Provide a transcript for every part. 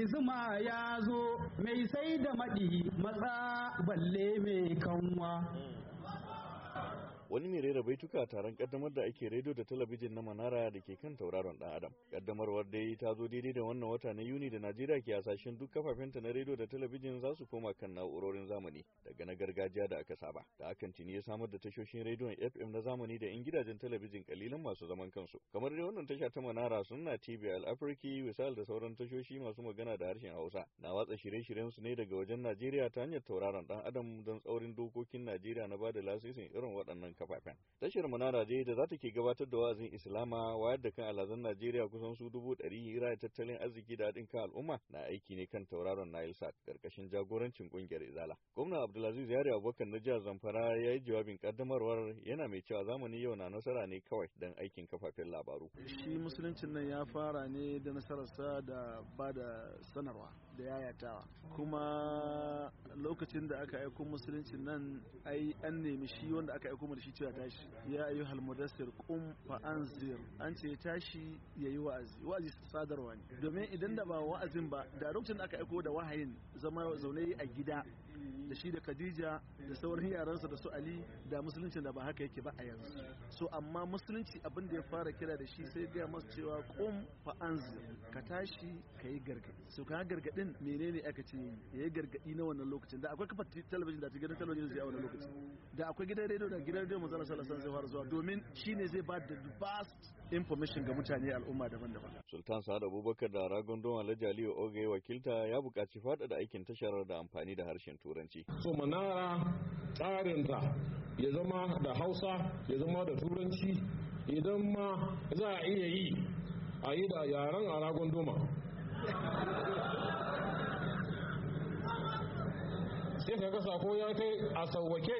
mai zuma ya zo mai sai da maɗi matsa balle mai kanwa wani mai rera baituka taron kaddamar da ake rediyo da talabijin na manara da ke kan tauraron dan adam kaddamarwar dai ta zo daidai da wannan wata na yuni da najeriya ke hasashen duk kafafenta na rediyo da talabijin za su koma kan na'urorin zamani daga na gargajiya da aka saba da hakan tuni ya samar da tashoshin rediyon fm na zamani da yan gidajen talabijin kalilan masu zaman kansu kamar dai wannan tasha ta manara suna tv afriki misal da sauran tashoshi masu magana da harshen hausa na watsa shirye-shiryen su ne daga wajen najeriya ta hanyar tauraron dan adam don tsaurin dokokin najeriya na ba da lasisin irin waɗannan kafafen. Tashar Munara dai da za ta ke gabatar da wa'azin Islama wayar da kan alazan Najeriya kusan su dubu ɗari hira da tattalin arziki da haɗin kan al'umma na aiki ne kan tauraron Nile Sat ƙarƙashin jagorancin ƙungiyar Izala. Gwamnan Abdulaziz Yari Abubakar na jihar Zamfara ya yi jawabin ƙaddamarwar yana mai cewa zamani yau na nasara ne kawai don aikin kafafen labaru. Shi musuluncin nan ya fara ne da nasararsa da ba da sanarwa. da yayatawa kuma lokacin da aka aiko musulunci nan ai an nemi shi wanda aka aiko da shi cewa tashi ya ayu halmudassir qum fa anzir an ce tashi yayi wa'azi wa'azi sadarwa ne domin idan da ba wa'azin ba da lokacin da aka aiko da wahayin zama zaune a gida da shi da Khadija da sauran yaransa da su Ali da musuluncin da ba haka yake ba a yanzu so amma musulunci abin da ya fara kira da shi sai ga masu cewa qum fa anzir ka tashi kai gargadi so ka gargadin menene aka ce ya yi gargadi na wannan lokacin da akwai kafa talabijin da ta gidan talabijin zai a wannan lokacin da akwai gidan rediyo da gidan rediyo manzala sallallahu alaihi zai fara zuwa domin shine zai ba da the vast information ga mutane al'umma daban-daban sultan sa'ad abubakar da ragon don alhaji aliyu ogai wakilta ya buƙaci faɗaɗa aikin tashar da amfani da harshen turanci so manara tsarinta ya zama da hausa ya zama da turanci idan ma za a iya yi a yi da yaren a ragon doma sai ka ga sako ya kai a sauwake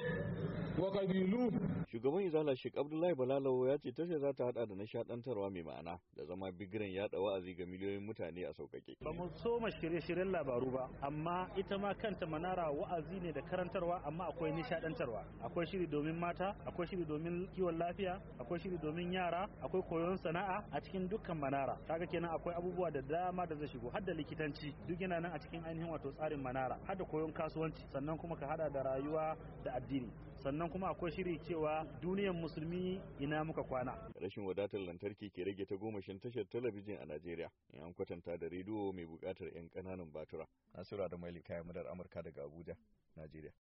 wa kabilu. Shugaban Izala Sheikh Abdullahi Balalawo ya ce tashar za ta hada da nishadantarwa mai ma'ana da zama bigiren yada wa'azi ga miliyoyin mutane a sauƙaƙe. Ba mu so ma shirye-shiryen labaru ba, amma ita ma kanta manara wa'azi ne da karantarwa amma akwai nishadantarwa. Akwai shiri domin mata, akwai shiri domin kiwon lafiya, akwai shiri domin yara, akwai koyon sana'a a cikin dukkan manara. Kaga kenan akwai abubuwa da dama da zai shigo, har da likitanci duk yana nan a cikin ainihin wato tsarin manara, har da koyon kasuwanci, sannan kuma ka hada da rayuwa da addini. Sannan sannan kuma akwai shiri cewa duniyar musulmi ina muka kwana rashin wadatar lantarki ke rage ta gomashin tashar talabijin a Najeriya in an kwatanta da rediyo mai bukatar 'yan ƙananan batura Nasiru da Maili kayan madar Amurka daga Abuja Najeriya